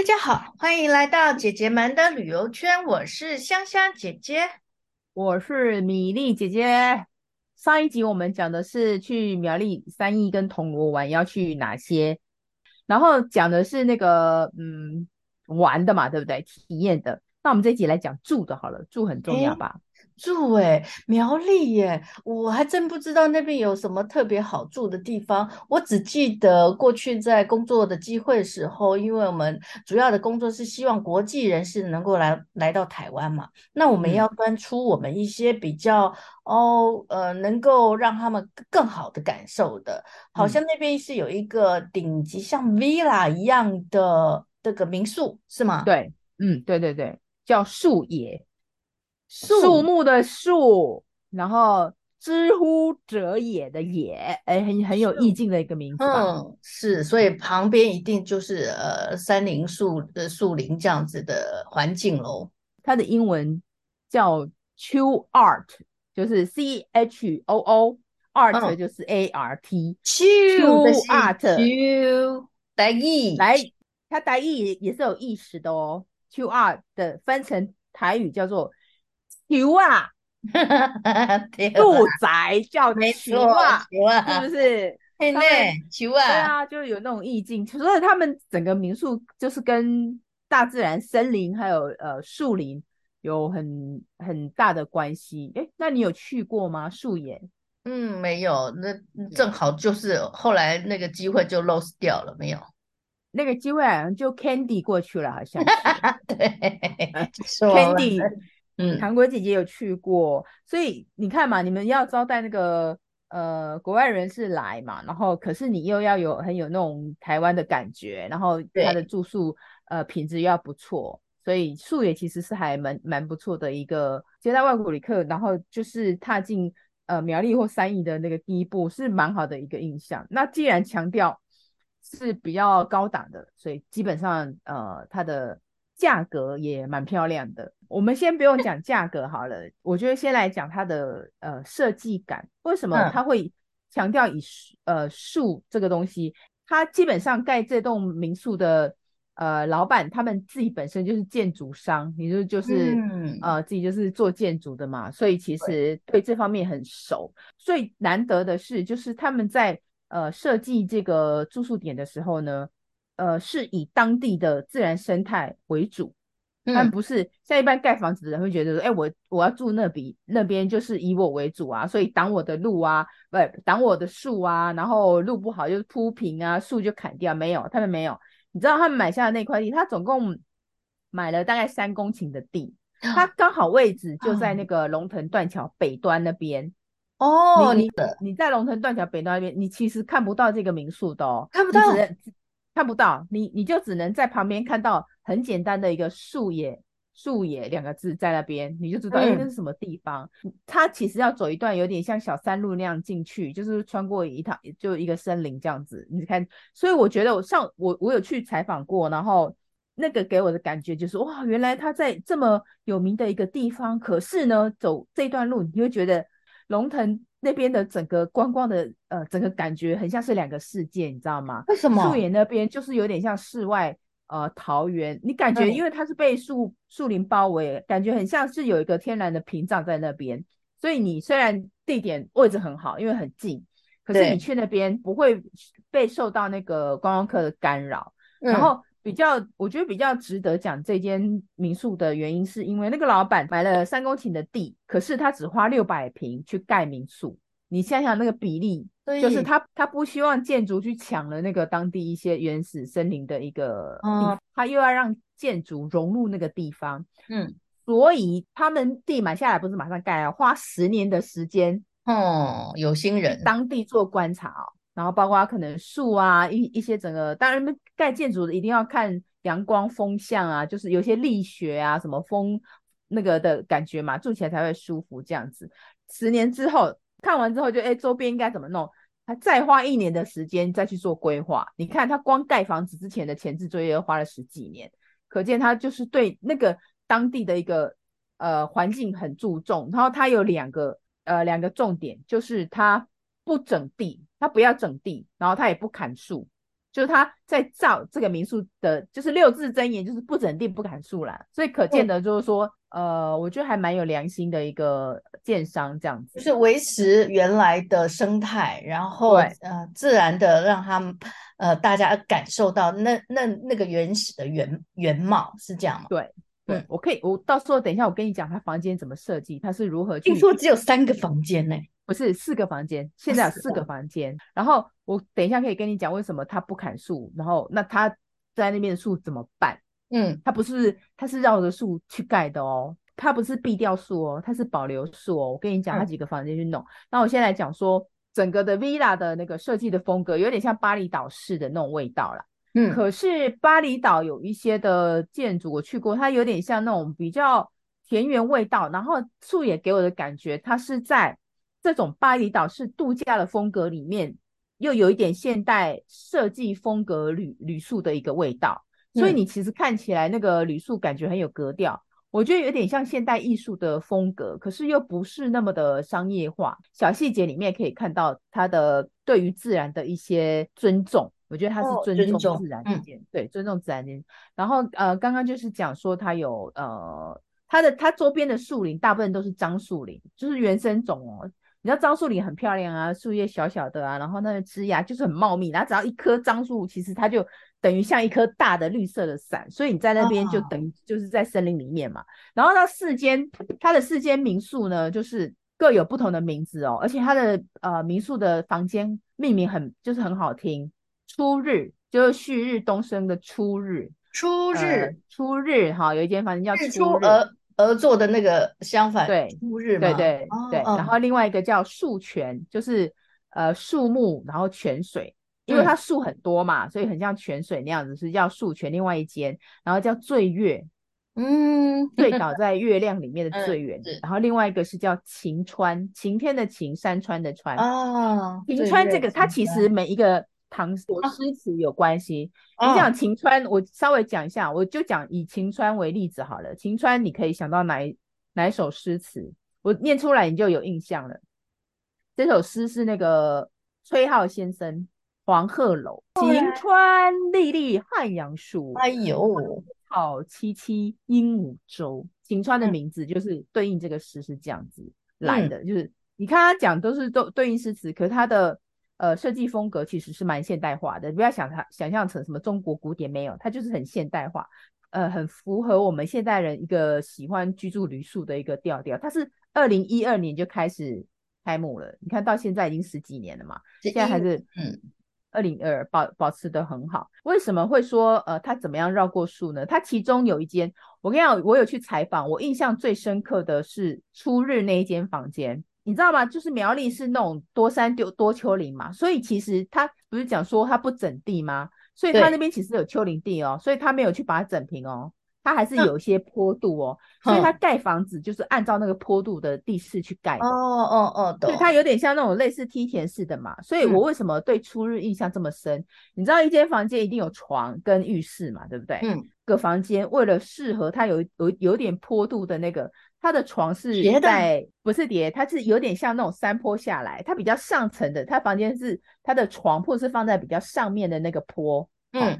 大家好，歡迎來到姐姐們的旅遊圈。我是香香姐姐，我是米粒姐姐。上一集我們講的是去苗栗三義跟銅鑼玩要去哪些，然後講的是那個嗯玩的嘛，對不對？體驗的。那我們這一集來講住的好了，住很重要吧？欸住誒、欸、苗栗耶、欸，我還真不知道那邊有什麼特別好住的地方。我只記得過去在工作的機會的時候，因為我們主要的工作是希望國際人士能夠來來到台灣嘛，那我們要搬出我們一些比較、嗯、哦呃，能夠讓他們更好的感受的。好像那邊是有一個頂級像 Villa 一樣的、嗯、這個民宿是嗎？對，嗯，對對對，叫樹也。樹木的樹，木然後之乎者也的也，哎、欸，很很有意境的一個名字。嗯，是，所以旁邊一定就是呃，山林樹的樹林這樣子的環境嘍。它的英文叫 Q Art，就是 C H O O Art，就是 A R T Q 的 Art。Q 的意來，它單義也也是有意思的哦。Q Art 的翻成台語叫做。丘啊，度宅叫的丘啊，啊是不是？丘呢們啊，對啊，就有那種意境，所、就、以、是、他們整個民宿就是跟大自然、森林還有呃樹林有很很大的關係。哎、欸，那你有去過嗎？樹也？嗯，沒有。那正好就是後來那個機會就 loss 掉了，沒有 那個機會好像就 Candy 過去了，好像。 對，Candy。嗯，韓國姐姐有去過，嗯、所以你看嘛，你們要招待那個呃國外人士來嘛，然後可是你又要有很有那種台灣的感覺，然後他的住宿對呃品質又要不錯，所以樹也其實是還蠻蠻不錯的一個，接待外國旅客，然後就是踏進呃苗栗或三義的那個第一步，是蠻好的一個印象。那既然強調是比較高檔的，所以基本上呃它的價格也蠻漂亮的。 我們先不用講價格好了，我覺得先來講它的呃設計感。為什麼它會強調以呃樹這個東西？它基本上蓋這棟民宿的呃老闆，他們自己本身就是建築商，也就就是、嗯、呃自己就是做建築的嘛，所以其實對這方面很熟。最難得的是，就是他們在呃設計這個住宿點的時候呢，呃是以當地的自然生態為主。他們不是像一般蓋房子的人會覺得說，哎、欸，我我要住那比那邊就是以我為主啊，所以擋我的路啊，不擋我的樹啊，然後路不好就鋪平啊，樹就砍掉。沒有，他們沒有。你知道他們買下的那塊地，他總共買了大概三公頃的地，他剛好位置就在那個龍騰斷橋北端那邊。哦，你你，你在龍騰斷橋北端那邊，你其實看不到這個民宿的，哦，看不到，看不到，你你就只能在旁邊看到。很簡單的一個“樹也樹也”兩個字在那邊，你就知道那是什麼地方。嗯、它其實要走一段有點像小山路那樣進去，就是穿過一趟就一個森林這樣子。你看，所以我覺得像我上我我有去採訪過，然後那個給我的感覺就是哇，原來它在這麼有名的一個地方，可是呢，走這段路你就會覺得龍騰那邊的整個觀光的呃整個感覺很像是兩個世界，你知道嗎？為什麼樹也那邊就是有點像室外？呃，桃園，你感覺因為它是被樹對樹林包圍，感覺很像是有一個天然的屏障在那邊。所以你雖然地點位置很好，因為很近，可是你去那邊不會被受到那個觀光客的干擾。對然後比較，我覺得比較值得講這間民宿的原因，是因為那個老闆買了三公頃的地，可是他只花六百平去蓋民宿。你想想那個比例。就是他，他不希望建築去搶了那個當地一些原始森林的一個地方，哦，他又要讓建築融入那個地方，嗯，所以他們地買下來不是馬上蓋啊，花十年的時間，哦，有心人，當地做觀察哦，然後包括可能樹啊，一一些整個，當然蓋建築的一定要看陽光風向啊，就是有些力學啊，什麼風那個的感覺嘛，住起來才會舒服這樣子。十年之後看完之後就，哎，周邊應該怎麼弄？他再花一年的時間再去做規劃，你看他光蓋房子之前的前置作業，又花了十幾年，可見他就是對那個當地的一個呃環境很注重。然後他有兩個呃兩個重點，就是他不整地，他不要整地，然後他也不砍樹，就是他在造這個民宿的，就是六字真言，就是不整地，不砍樹啦，所以可見的就是說。呃，我覺得還蠻有良心的一個建商，這樣子就是維持原來的生態，然後對呃自然的讓他們呃大家感受到那那那個原始的原原貌是這樣嗎？對，對嗯，我可以，我到時候等一下我跟你講他房間怎麼設計，他是如何去。聽說只有三個房間呢、欸？不是四個房間，現在有四個房間。啊、然後我等一下可以跟你講為什麼他不砍樹，然後那他在那邊的樹怎麼辦？嗯，它不是，它是繞着樹去蓋的哦，它不是避掉樹哦，它是保留樹哦。我跟你講，它幾個房間去弄。那、嗯、我現在來講說，整個的 Villa 的那個設計的風格，有點像巴厘島式的那種味道啦。嗯，可是巴厘島有一些的建築，我去過，它有點像那種比較田園味道。然後樹也給我的感覺，它是在這種巴厘島式度假的風格裡面，又有一點現代設計風格旅旅宿的一個味道。所以你其實看起來那個旅宿感覺很有格調，嗯、我覺得有點像現代藝術的風格，可是又不是那麼的商業化。小細節裡面可以看到它的對於自然的一些尊重，我覺得它是尊重自然一點，對，尊重自然一點。然後呃，剛剛就是講說它有呃，它的它周邊的樹林大部分都是樟樹林，就是原生種哦。你知道樟樹林很漂亮啊，樹葉小小的啊，然後那個枝椏就是很茂密，然後只要一棵樟樹，其實它就。等於像一顆大的綠色的傘，所以你在那邊就等於就是在森林裡面嘛。哦、然後呢，四間它的四間民宿呢，就是各有不同的名字哦，而且它的呃民宿的房間命名很就是很好聽。初日就是旭日東升的初日，初日、呃、初日哈、哦，有一間房間叫初日，日初而而坐的那個相反對，初日對對對，然後另外一個叫樹泉，就是呃樹木然後泉水。因為它樹很多嘛，所以很像泉水那樣子，是叫樹泉。另外一間，然後叫醉月，嗯，醉倒在月亮裡面的醉月。嗯、然後另外一個是叫晴川，晴天的晴，山川的川。哦。晴川這個，它其實每一個唐詩詩詞有關係。哦、你講晴川，我稍微講一下，我就講以晴川為例子好了。晴川，你可以想到哪哪首詩詞？我念出來，你就有印象了。這首詩是那個崔顥先生。黃鶴樓，晴川歷歷漢陽樹。哎呦，草萋萋鸚鵡洲。晴川的名字就是對應這個詩，是這樣子來的。嗯、就是你看他講都是都對應詩詞，可是他的呃設計風格其實是蠻現代化的，不要想他想象成什麼中國古典，沒有，他就是很現代化，呃，很符合我們現代人一個喜歡居住旅宿的一個調調。它是二零一二年就開始開幕了，你看到現在已經十幾年了嘛，現在還是嗯。二零二保保持得很好，為什麼會說呃他怎麼樣繞過樹呢？他其中有一間，我跟你講，我有去採訪，我印象最深刻的是初日那一間房間，你知道嗎？就是苗栗是那種多山多多丘陵嘛，所以其實他不是講說他不整地嗎？所以他那邊其實有丘陵地哦，對所以他沒有去把它整平哦。它還是有一些坡度哦，嗯、所以它蓋房子就是按照那個坡度的地勢去蓋哦。哦哦哦，對。所以它有點像那種類似梯田似的嘛。所以我為什麼對初日印象這麼深？嗯、你知道一間房間一定有床跟浴室嘛，對不對？嗯。各房間為了適合它有有有點坡度的那個，它的床是在的不是疊，它是有點像那種山坡下來，它比較上層的，它房間是它的床鋪是放在比較上面的那個坡。嗯。啊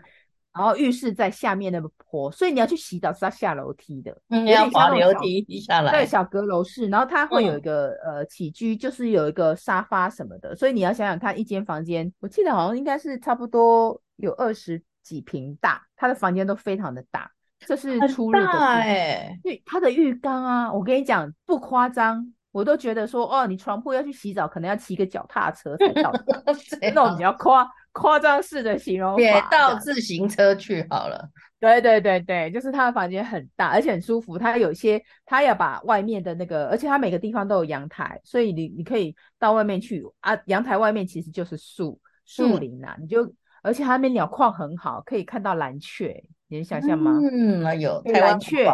然後浴室在下面那個坡，所以你要去洗澡是要下樓梯的。嗯，要爬樓梯下來。對，小閣樓式，然後它會有一個、嗯、呃起居，就是有一個沙發什麼的。所以你要想想看，一間房間，我記得好像應該是差不多有二十幾平大，它的房間都非常的大。這是初入的，對、欸，因為它的浴缸啊，我跟你講不誇張。我都覺得說，哦，你床鋪要去洗澡，可能要騎個腳踏車才到。 好那種比較誇誇張式的形容我倒到自行車去好了。對對對對，就是他的房間很大，而且很舒服。他有些他要把外面的那個，而且他每個地方都有陽台，所以你你可以到外面去啊。陽台外面其實就是樹樹林啦、啊。嗯、你就而且他那邊鳥況很好，可以看到藍雀，你能想象嗎？嗯，有、哎、藍雀。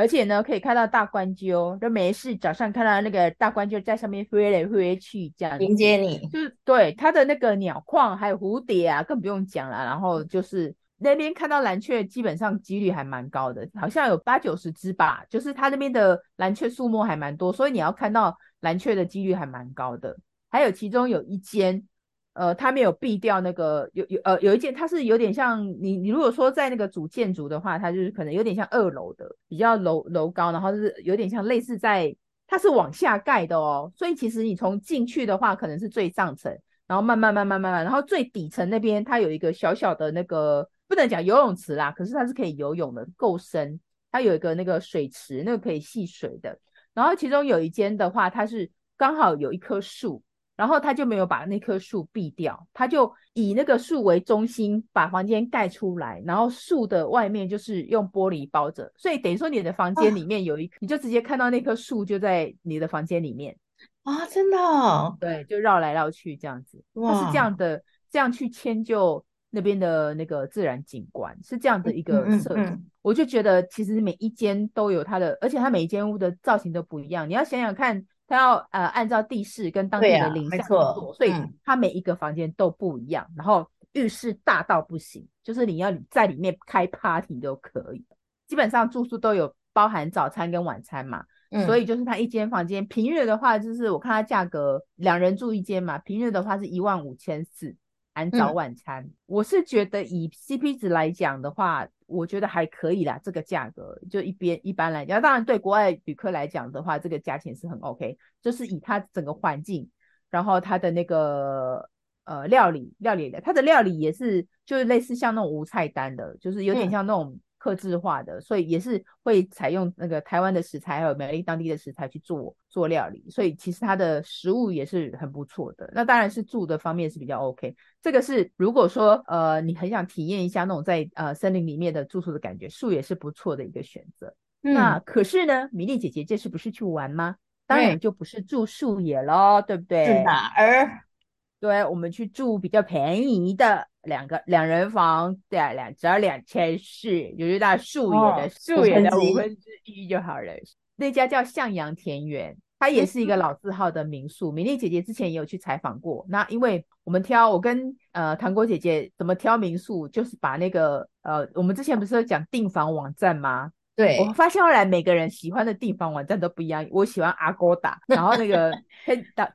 而且呢，可以看到大冠鷲就沒事。早上看到那個大冠鷲在上面飛來飛去，這樣子迎接你。就是對它的那個鳥況，還有蝴蝶啊，更不用講了。然後就是那邊看到藍鵲，基本上幾率還蠻高的，好像有八九十隻吧。就是它那邊的藍鵲數目還蠻多，所以你要看到藍鵲的幾率還蠻高的。還有其中有一間。呃，它沒有避掉那個有有呃有一間，它是有點像你你如果說在那個主建築的話，它就是可能有點像二樓的，比較樓樓高，然後是有點像類似在它是往下蓋的哦，所以其實你從進去的話，可能是最上層，然後慢慢慢慢慢慢，然後最底層那邊它有一個小小的那個不能講游泳池啦，可是它是可以游泳的，夠深，它有一個那個水池，那個可以戲水的，然後其中有一間的話，它是剛好有一棵樹。然後他就沒有把那棵樹避掉，他就以那個樹為中心，把房間蓋出來，然後樹的外面就是用玻璃包着，所以等於說你的房間裡面有一，啊、你就直接看到那棵樹就在你的房間裡面啊！真的、哦嗯？對，就繞來繞去這樣子，它是這樣的，哇這樣去遷就那邊的那個自然景觀，是這樣的一個設計。嗯嗯嗯、我就覺得其實每一間都有它的，而且它每一間屋的造型都不一樣，你要想想看。他要呃按照地勢跟當地的林相、啊、做，所以他每一個房間都不一樣。然後浴室大到不行，就是你要在裡面開 party 都可以。基本上住宿都有包含早餐跟晚餐嘛，嗯、所以就是他一間房間平日的話，就是我看他價格兩人住一間嘛，平日的話是一萬五千四。含早晚餐，嗯、我是覺得以 CP 值來講的話，我覺得還可以啦。這個價格就一邊一般來講，當然對國外旅客來講的話，這個價錢是很 OK，就是以它整個環境，然後它的那個呃料理，料理的，它的料理也是就是類似像那種無菜單的，就是有點像那種。嗯客製化的，所以也是會採用那個台灣的食材，還有苗栗當地的食材去做做料理，所以其實它的食物也是很不錯的。那當然是住的方面是比較 OK，這個是如果說呃你很想體驗一下那種在呃森林裡面的住宿的感覺，樹也是不錯的一個選擇。嗯、那可是呢，米莉姐姐這次不是去玩嗎？當然就不是住樹也咯，嗯、對，對不對？哪兒？對，我們去住比較便宜的。兩個兩人房，對啊，兩只要兩千四，就是大樹也的、哦、樹也的五分之一就好了。那家叫向陽田園，它也是一個老字號的民宿。美 麗姐姐之前也有去採訪過。那因為我們挑，我跟呃糖果姐姐怎麼挑民宿，就是把那個呃，我們之前不是有講訂房網站嗎？對，我發現後來每個人喜歡的地方網站都不一樣。我喜歡 Agoda，然後那個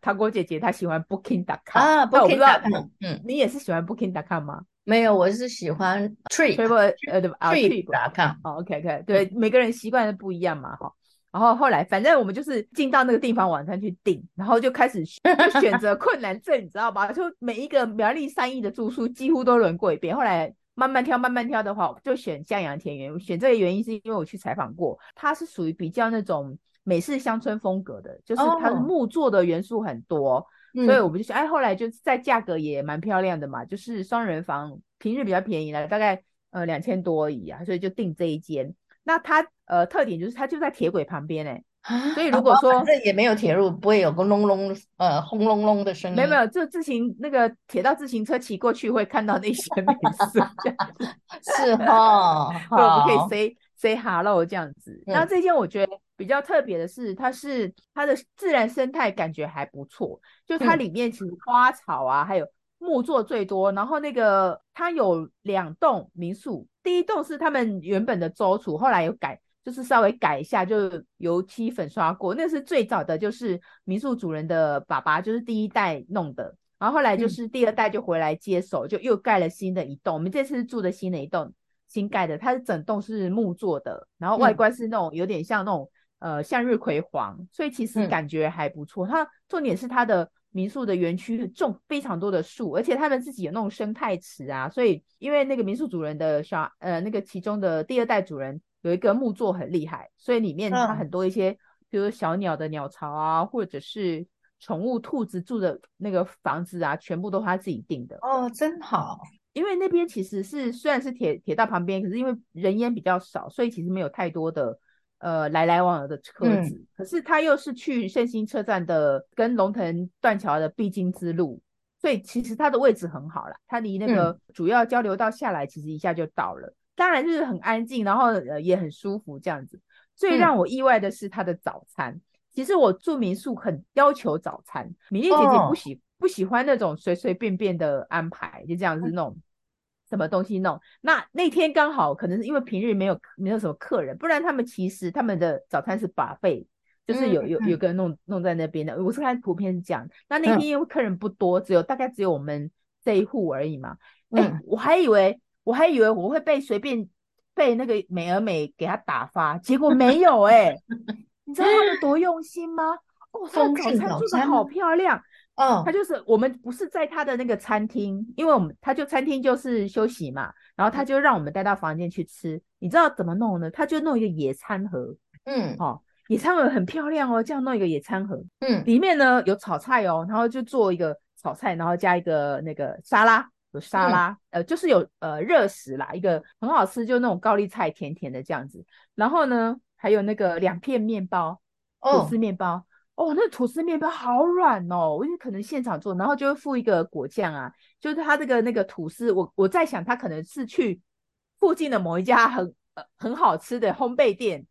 糖果姐姐她喜歡 Booking.com 啊，Booking.com。嗯，你也是喜歡 Booking.com 嗎？沒有，我是喜歡 Trip，呃，對吧？Trip.com。OK，OK，對，每個人習慣的不一樣嘛，哈。然後後來，反正我們就是進到那個地方網站去訂，然後就開始選擇困難症，你知道吧？就每一個苗栗三義的住宿幾乎都輪過一遍。後來。慢慢挑，慢慢挑的話，就選向陽田園。我選這個原因是因為我去採訪過，它是屬於比較那種美式鄉村風格的，就是它的木作的元素很多，oh. 所以我們就選。哎，後來就在價格也蠻漂亮的嘛，嗯、就是雙人房平日比較便宜了，大概呃兩千多而已啊，所以就訂這一間。那它呃特點就是它就在鐵軌旁邊哎、欸。所以如果說那、啊、也沒有鐵路，不會有個隆隆呃轟隆隆的聲音，沒有沒有，就自行那個鐵道自行車騎過去會看到那些，這樣子，是哦， 好我不可以 say say hello 這樣子。嗯、那這間我覺得比較特別的是，它是它的自然生態感覺還不錯，就它裡面其實花草啊，嗯、還有木作最多，然後那個它有兩棟民宿，第一棟是他們原本的周厝，後來有改。就是稍微改一下，就油漆粉刷過。那是最早的，就是民宿主人的爸爸，就是第一代弄的。然後後來就是第二代就回來接手，嗯、就又蓋了新的一棟。我們這次住的新的一棟，新蓋的，它的整棟是木做的，然後外觀是那種、嗯、有點像那種呃向日葵黃，所以其實感覺還不錯。嗯、它重點是它的民宿的園區種非常多的樹，而且他們自己有那種生態池啊。所以因為那個民宿主人的小呃那個其中的第二代主人。有一個木作很厲害，所以裡面它很多一些，嗯、比如說小鳥的鳥巢啊，或者是寵物兔子住的那個房子啊，全部都是他自己定的。哦，真好。因為那邊其實是雖然是鐵鐵道旁邊，可是因為人煙比較少，所以其實沒有太多的呃來來往往的車子。嗯、可是它又是去勝興車站的跟龍騰斷橋的必經之路，所以其實它的位置很好啦。它離那個主要交流道下來，其實一下就到了。嗯當然就是很安靜，然後呃也很舒服這樣子。最讓我意外的是他的早餐。嗯、其實我住民宿很要求早餐，米粒姐姐不喜、哦、不喜歡那種隨隨便便的安排，就這樣子弄，嗯、什麼東西弄。那那天剛好可能是因為平日沒有沒有什麼客人，不然他們其實他們的早餐是 buffet，就是有嗯嗯有有個人弄弄在那邊的。我是看圖片是這樣，那那天因為客人不多，嗯、只有大概只有我們這一戶而已嘛。欸、嗯，我還以為。我還以為我會被隨便被那個美而美給他打發，結果沒有哎、欸！ 你知道他有多用心嗎？哦，他盛早餐做得好漂亮。嗯、哦，他就是我們不是在他的那個餐廳，因為我們他就餐廳就是休息嘛，然後他就讓我們帶到房間去吃。你知道怎麼弄呢？他就弄一個野餐盒，嗯，哦，野餐盒很漂亮哦，這樣弄一個野餐盒，嗯，裡面呢有炒菜哦，然後就做一個炒菜，然後加一個那個沙拉，有沙拉，嗯、呃，就是有呃熱食啦，一個很好吃，就那種高麗菜甜甜的這樣子。然後呢，還有那個兩片麵包，吐司麵包，哦、哦，那吐司麵包好軟哦，我覺得可能現場做，然後就會附一個果醬啊，就是他這個那個吐司，我我在想他可能是去附近的某一家很呃很好吃的烘焙店。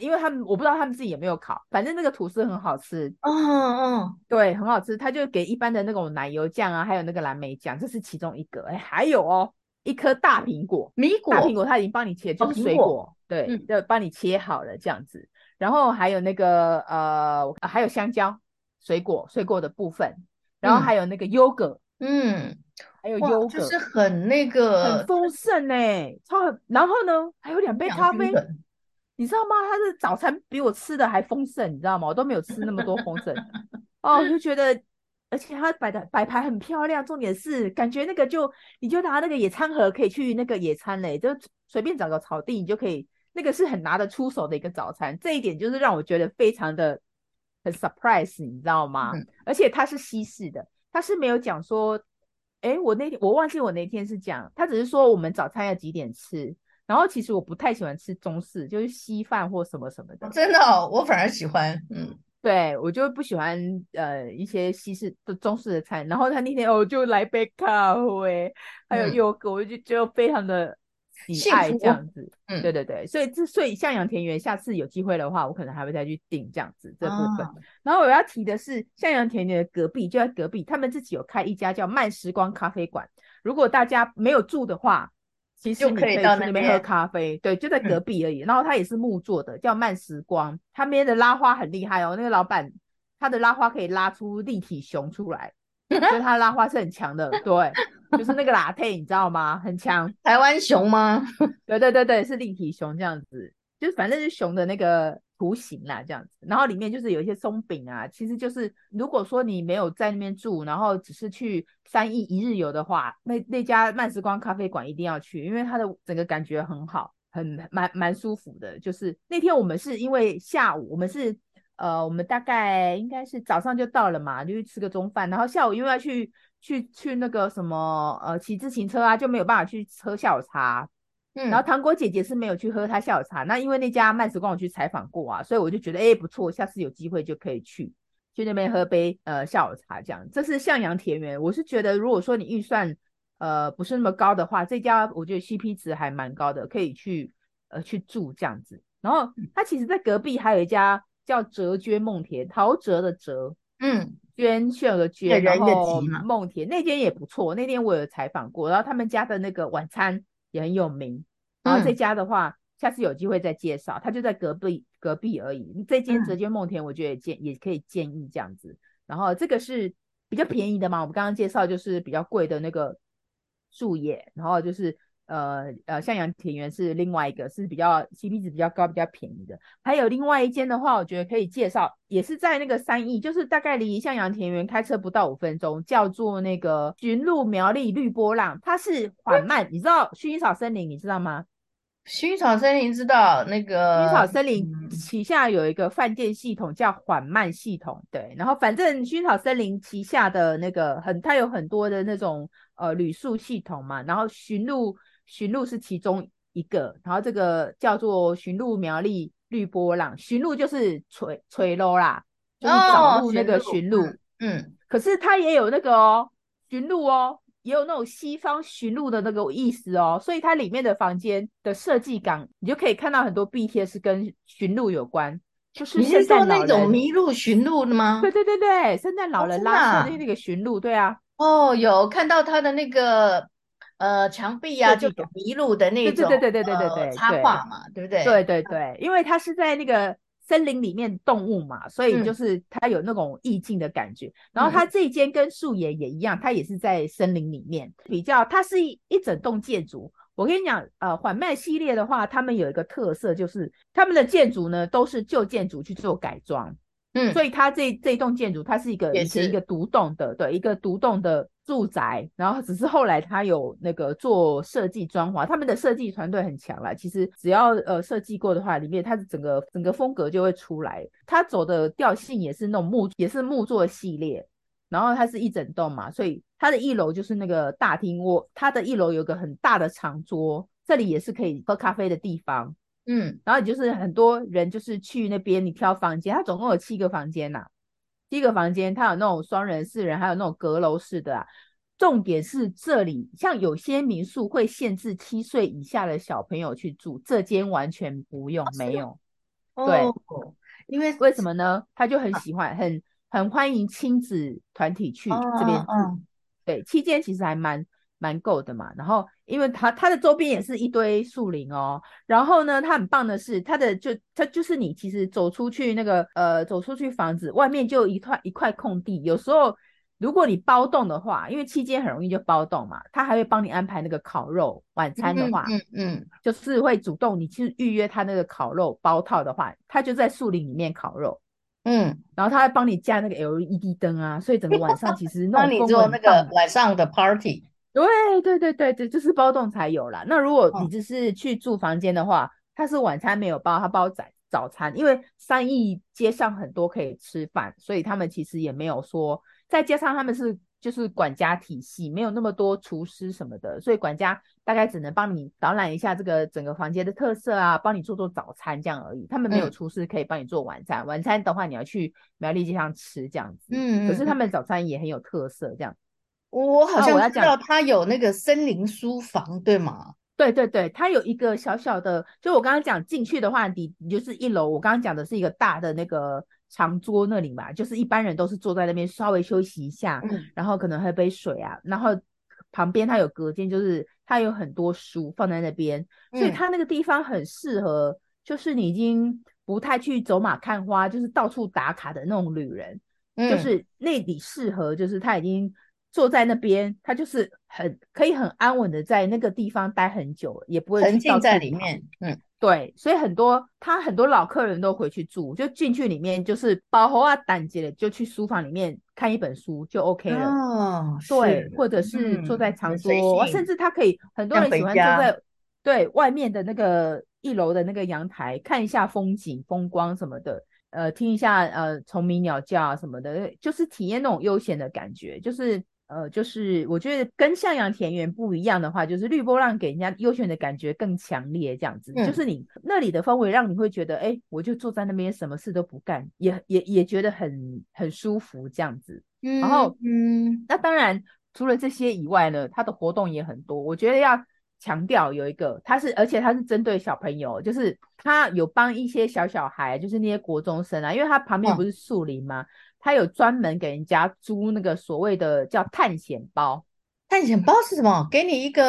因為他們我不知道他們自己有沒有烤，反正那個吐司很好吃。嗯嗯，對，很好吃。他就給一般的那種奶油醬啊，還有那個藍莓醬，這是其中一個。哎，還有哦，一顆大蘋果，米果，大蘋果他已經幫你切，就是、哦、水果，哦、果對，就、嗯、幫你切好了這樣子。然後還有那個呃、啊，還有香蕉，水果，水果的部分。然後還有那個 yogurt，嗯，嗯還有 yogurt，就是很那個，很豐盛呢，然後呢，還有兩杯咖啡。你知道嗎？他的早餐比我吃的還豐盛，你知道嗎？我都沒有吃那麼多豐盛 哦，我就覺得，而且他擺的擺盤很漂亮。重點是，感覺那個就你就拿那個野餐盒可以去那個野餐嘞，就隨便找個草地你就可以。那個是很拿得出手的一個早餐，這一點就是讓我覺得非常的很 surprise，你知道嗎？嗯。而且他是西式的，他是沒有講說，哎，我那天我忘記我那天是講，他只是說我們早餐要幾點吃。然後其實我不太喜歡吃中式，就是稀飯或什麼什麼的。真的、哦，我反而喜歡，嗯，對我就不喜歡呃一些西式的、中式的菜。然後他那天、哦、我就來杯咖啡，嗯、還有又個我就覺得非常的喜愛、啊、這樣子，嗯，對對對，所以這所，所以向陽田園下次有機會的話，我可能還會再去訂這樣子這部分。啊、然後我要提的是向陽田園的隔壁，就在隔壁，他們自己有開一家叫慢時光咖啡館。如果大家沒有住的話。其實你可以到那邊喝咖啡，對，就在隔壁而已。嗯、然後它也是木做的，叫慢時光。它那邊的拉花很厲害哦，那個老闆它的拉花可以拉出立體熊出來， 所以它的拉花是很強的。對， 就是那個拿鐵，你知道嗎？很強，台灣熊嗎？ 對對對對，是立體熊這樣子，就反正就是熊的那個。圖形啦，這樣子，然後裡面就是有一些鬆餅啊，其實就是，如果說你沒有在那邊住，然後只是去三義一日遊的話，那那家慢時光咖啡館一定要去，因為它的整個感覺很好，很蠻蠻舒服的。就是那天我們是因為下午，我們是呃，我們大概應該是早上就到了嘛，就去吃個中飯，然後下午因為要去去去那個什麼呃騎自行車啊，就沒有辦法去喝下午茶。然後糖果姐姐是沒有去喝她下午茶，嗯、那因為那家慢時光我去採訪過啊，所以我就覺得哎不錯，下次有機會就可以去去那邊喝杯呃下午茶這樣子。這是向陽田園，我是覺得如果說你預算呃不是那麼高的話，這家我覺得 CP 值，還蠻高的，可以去呃去住這樣子。然後它其實在隔壁還有一家叫哲娟夢田，陶喆的哲，嗯，娟秀的娟，然後夢田那間也不錯，那天我有採訪過，然後他們家的那個晚餐也很有名，然後這家的話，嗯、下次有機會再介紹。他就在隔壁，隔壁而已。這間折、嗯、間夢田，我覺得也建也可以建議這樣子。然後這個是比較便宜的嘛，我們剛剛介紹就是比較貴的那個樹也，然後就是。呃呃，向陽田園是另外一個，是比較 C P 值比較高、比較便宜的。還有另外一間的話，我覺得可以介紹，也是在那個三義，就是大概離向陽田園開車不到五分鐘，叫做那個尋路苗栗綠波浪。它是緩慢，喂你知道薰衣草森林，你知道嗎？薰衣草森林知道，那個薰衣草森林旗下有一個飯店系統叫緩慢系統，對。然後反正薰衣草森林旗下的那個很，它有很多的那種呃旅宿系統嘛，然後尋路。尋路是其中一個，然後這個叫做尋路苗栗綠波浪，尋路就是垂垂簍啦，就是找路那個尋路，哦，嗯，可是它也有那個哦，馴鹿哦，也有那種西方馴鹿的那個意思哦，所以它裡面的房間的設計感，你就可以看到很多壁貼是跟馴鹿有關，就是你是做那種迷路馴鹿的嗎？對對對對，聖誕老人拉車的那個馴鹿。哦、對啊，哦，有看到他的那個。呃，牆壁啊，就麋鹿的那種，對，對對對對對對對，呃、插畫嘛，對，對，對，對，對不對？對對對，因為它是在那個森林裡面，動物嘛，所以就是它有那種意境的感覺。嗯、然後它這一間跟樹也也一樣，它也是在森林裡面，嗯、比較它是一一整棟建築。我跟你講，呃，緩慢系列的話，他們有一個特色就是他們的建築呢都是舊建築去做改裝。嗯，所以它這這棟建築，它是一個是一個獨棟的，對，一個獨棟的住宅，然後只是後來它有那個做設計裝潢，他們的設計團隊很強啦，其實只要呃設計過的話，裡面它整個整個風格就會出來，它走的調性也是那種木，也是木作系列，然後它是一整棟嘛，所以它的一樓就是那個大廳喔，它的一樓有一個很大的長桌，這裡也是可以喝咖啡的地方。嗯，然後也就是很多人就是去那邊，你挑房間，它總共有七個房間吶、啊。七個房間，它有那種雙人、四人，還有那種閣樓式的、啊。重點是這裡，像有些民宿會限制七歲以下的小朋友去住，這間完全不用，沒有。哦、對，因為為什麼呢？他就很喜歡，啊、很很歡迎親子團體去這邊住。啊啊、對，七間其實還蠻。蠻夠的嘛，然後因為它它的周邊也是一堆樹林哦，然後呢，它很棒的是它的就它就是你其實走出去那個呃走出去房子外面就一塊一塊空地，有時候如果你包棟的話，因為期間很容易就包棟嘛，他還會幫你安排那個烤肉晚餐的話，嗯嗯，嗯嗯嗯就是會主動你去預約他那個烤肉包套的話，他就在樹林裡面烤肉，嗯，然後他還幫你架那個 LED 燈啊，所以整個晚上其實那， 那你做那個晚上的 party。對，對對對對對，就是包棟才有啦。那如果你只是去住房間的話，哦、他是晚餐沒有包，他包早早餐。因為三義街上很多可以吃飯，所以他們其實也沒有說。再加上他們是就是管家體系，沒有那麼多廚師什麼的，所以管家大概只能幫你導覽一下這個整個房間的特色啊，幫你做做早餐這樣而已。他們沒有廚師可以幫你做晚餐，嗯、晚餐的話你要去苗栗街上吃這樣子。嗯，嗯。可是他們早餐也很有特色這樣。我好像知道他有那個森林書房，對嗎？對對對，他有一個小小的，就我剛剛講進去的話，你你就是一樓。我剛剛講的是一個大的那個長桌那裡嘛，就是一般人都是坐在那邊稍微休息一下，嗯，然後可能喝杯水啊，然後旁邊他有隔間，就是他有很多書放在那邊，所以他那個地方很適合，就是你已經不太去走馬看花，就是到處打卡的那種旅人，就是那裡適合，就是他已經。坐在那邊，他就是很可以很安穩的在那個地方待很久，也不會很擠在裡面，嗯，對，所以很多他很多老客人都回去住，就進去裡面就是保侯啊、膽怯的，就去書房裡面看一本書就 OK 了。哦，對，的或者是坐在長桌，嗯哦，甚至他可以很多人喜歡坐在對外面的那個一樓的那個陽台，看一下風景風光什麼的，呃，聽一下呃蟲鳴鳥叫啊什麼的，就是體驗那種悠閒的感覺，就是。呃，就是我覺得跟向陽田園不一樣的話，就是綠波浪給人家悠閒的感覺更強烈，這樣子。嗯、就是你那裡的氛圍讓你會覺得，哎、欸，我就坐在那邊，什麼事都不干，也也也覺得很很舒服，這樣子。嗯。然後，嗯，嗯那當然除了這些以外呢，它的活動也很多。我覺得要強調有一個，它是而且它是針對小朋友，就是他有幫一些小小孩，就是那些國中生啊，因為他旁邊不是樹林嗎？嗯他有專門給人家租那個所謂的叫探險包，探險包是什麼？給你一個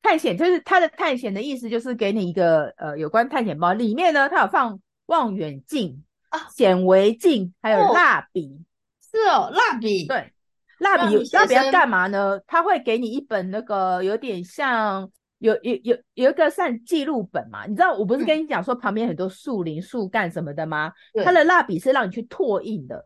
探險，就是他的探險的意思，就是給你一個呃，有關探險包裡面呢，他有放望遠鏡啊、顯微鏡，還有蠟筆、哦。是哦，蠟筆對，蠟筆蠟筆要幹嘛呢？他會給你一本那個有點像有有有有一個像記錄本嘛？你知道我不是跟你講說旁邊很多樹林、樹幹什麼的嗎？他對的蠟筆是讓你去拓印的。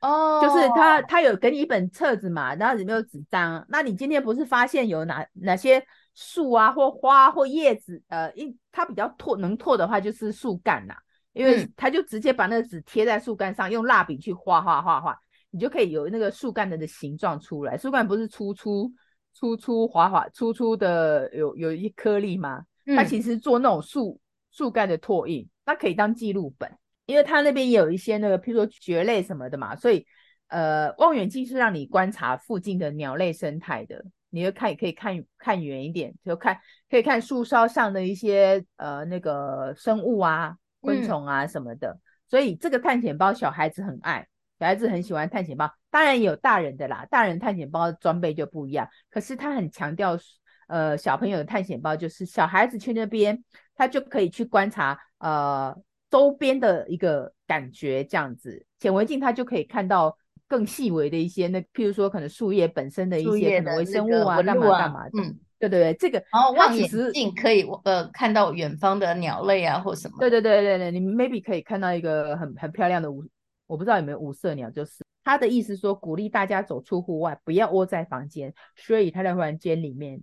哦，oh. 就是他，他有給你一本冊子嘛，然後裡面有紙張。那你今天不是發現有哪哪些樹啊，或花、啊、或葉子，呃，因，它比較拓能拓的話，就是樹幹吶、啊。因為它就直接把那個紙貼在樹幹上，用蠟筆去畫畫畫畫，你就可以有那個樹幹的的形狀出來。樹幹不是粗粗粗粗滑滑粗粗的有，有有一顆粒嗎？它其實做那種樹樹幹的拓印，那可以當記錄本。因為它那邊也有一些那個，譬如說蕨類什麼的嘛，所以，呃，望遠鏡是讓你觀察附近的鳥類生態的，你要看也可以看看遠一點，就看可以看樹梢上的一些呃那個生物啊、昆蟲啊什麼的。嗯、所以這個探險包小孩子很愛，小孩子很喜歡探險包，當然也有大人的啦。大人探險包的裝備就不一樣，可是他很強調，呃，小朋友的探險包就是小孩子去那邊，他就可以去觀察，呃。周邊的一個感覺這樣子，顯微鏡它就可以看到更細微的一些，那譬如說可能樹葉本身的一些葉的可能微生物啊，幹嘛幹嘛，大麻大麻嗯，對對對，這個、哦、望遠鏡可以、嗯、呃看到遠方的鳥類啊或什麼，對對對對對，你 maybe 可以看到一個很很漂亮的五，我不知道有沒有五色鳥，就是他的意思說鼓勵大家走出戶外，不要窩在房間，所以他在房間裡面，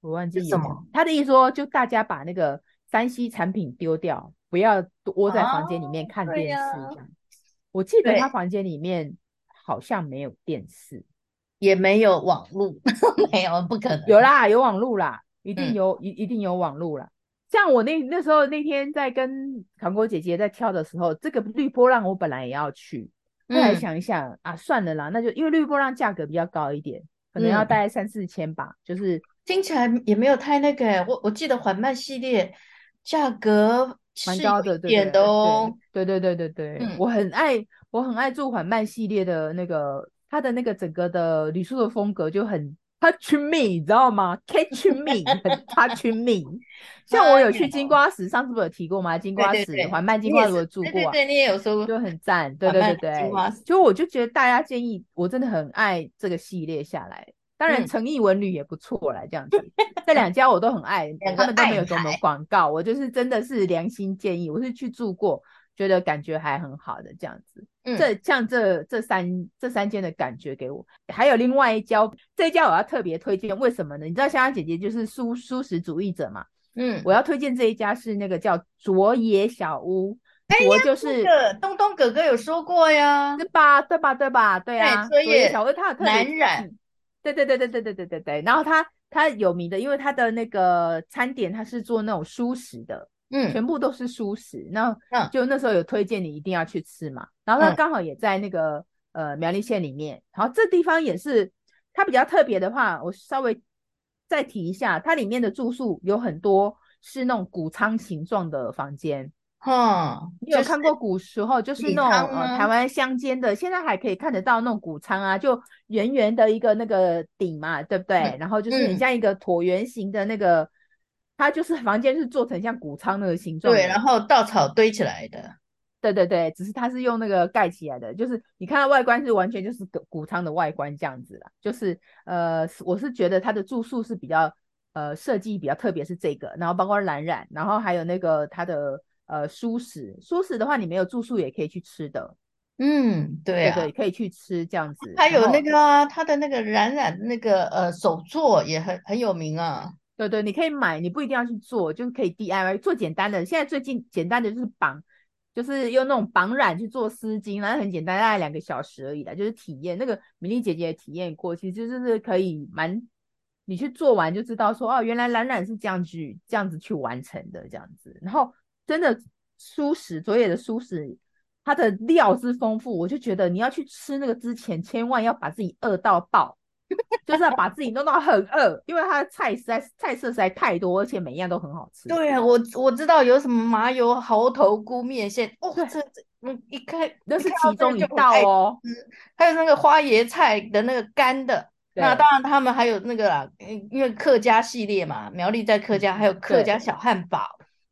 我忘記什麼，他的意思說就大家把那個三 C 產品丟掉。不要窩在房間裡面看電視這樣。哦啊、我記得他房間裡面好像沒有電視，也沒有網絡， 沒有不可能有啦，有網絡啦，一定有，一、嗯、一定有網絡啦，像我那那時候那天在跟韓國姐姐在挑的時候，這個綠波浪我本來也要去，後、嗯、來想一想啊，算了啦，那就因為綠波浪價格比較高一點，可能要大概三四千吧，嗯、就是聽起來也沒有太那個、欸，我我記得緩慢系列價格。蠻高的，對對對，對對對對，嗯、我很愛，我很愛做緩慢系列的那個，他的那個整個的旅宿的風格就很 t o u c h me，知道嗎？catch me，t o u c h me，, me 像我有去金瓜石， 上次不是有提過嗎？金瓜石對對對，緩慢金瓜石住過，啊，對、對、對，你也有說過，就很讚，對對對對，就我就覺得大家建議，我真的很愛這個系列下來。當然，誠意文旅也不錯啦，嗯、這樣子， 這兩家我都很愛，愛他們都沒有什麼廣告，我就是真的是良心建議。我是去住過，覺得感覺還很好的這樣子。嗯、這像這這三這三間的感覺給我，還有另外一家，這一家我要特別推薦，為什麼呢？你知道香香姐姐就是蔬素食主義者嘛？嗯，我要推薦這一家是那個叫卓也小屋，哎、呀卓就是東東哥哥有說過呀，是吧？對吧？對吧？對啊，哎、所以卓也小屋，他很客人。藍染嗯對對對對對對對對，對，然後他他有名的，因為他的那個餐點他是做那種蔬食的，嗯，全部都是蔬食。那就那時候有推薦你一定要去吃嘛。然後他剛好也在那個、嗯、呃苗栗縣裡面，然後這地方也是它比較特別的話，我稍微再提一下，它裡面的住宿有很多是那種谷倉形狀的房間。哦，就是、你有看過古時候就是那種、呃、台灣鄉間的，現在還可以看得到那種穀倉啊，就圓圓的一個那個頂嘛，對不對？嗯、然後就是很像一個橢圓形的那個，嗯、它就是房間是做成像穀倉那個形狀，對，然後稻草堆起來的，對對對，只是它是用那個蓋起來的，就是你看到外觀是完全就是谷穀倉的外觀這樣子啦，就是呃，我是覺得它的住宿是比較呃設計比較特別，是這個，然後包括藍染，然後還有那個它的。呃，蔬食蔬食的話，你沒有住宿也可以去吃的。嗯，對啊，對對可以去吃這樣子。它有那個、啊、後它的那個染染那個呃手作也很很有名啊。對對，你可以買，你不一定要去做，就是可以 DIY 做簡單的。現在最近簡單的就是綁，就是用那種綁染去做絲巾，然後很簡單，大概兩個小時而已啦。就是體驗那個美麗姐姐體驗過，其實就是可以蠻你去做完就知道說哦，原來染染是這樣去這樣子去完成的這樣子，然後。真的，蔬食，卓也的蔬食，它的料是豐富，我就覺得你要去吃那個之前，千萬要把自己餓到爆，就是要把自己弄到很餓， 因為它的菜實在是菜色實在太多，而且每一樣都很好吃。對啊，我我知道有什麼麻油猴頭菇面線，對哦，這這一看那是其中一道哦，還有那個花椰菜的那個乾的，對那當然他們還有那個啦，因為客家系列嘛，苗栗在客家、嗯、還有客家小漢堡。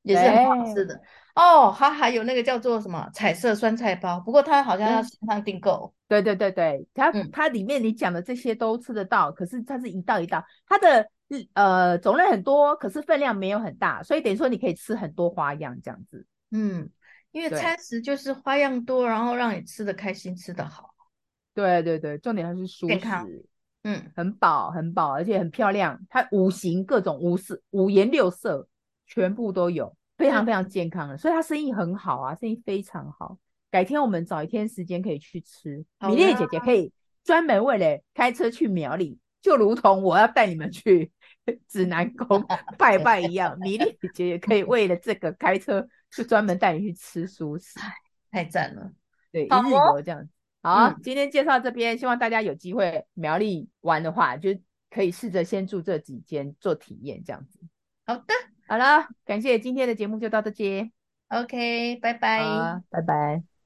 也是很好吃的哦，欸 oh，它還有那個叫做什麼彩色酸菜包，不過它好像要線上訂購。對對對對，它、嗯、它裡面你講的這些都吃得到，可是它是一道一道，它的呃種類很多，可是分量沒有很大，所以等於說你可以吃很多花樣這樣子。嗯，因為餐食就是花樣多，對然後讓你吃得開心，吃得好。對對對，重點還是舒適。嗯，很飽很飽，而且很漂亮，它五行各種五色五顏六色。全部都有，非常非常健康的。嗯、所以他生意很好啊，生意非常好。改天我們找一天時間可以去吃，啊、米粒姐姐可以專門為了開車去苗栗，就如同我要帶你們去指南宮拜拜一樣， 米粒姐姐可以為了這個開車，就專門帶你去吃蔬菜， 太讚了，嗯。對，一日遊這樣子。好，啊，嗯、今天介紹這邊，希望大家有機會苗栗玩的話，就可以試着先住這幾間做體驗這樣子。好的。好了，感謝今天的節目就到這裡，OK，拜拜，好、啊，拜拜。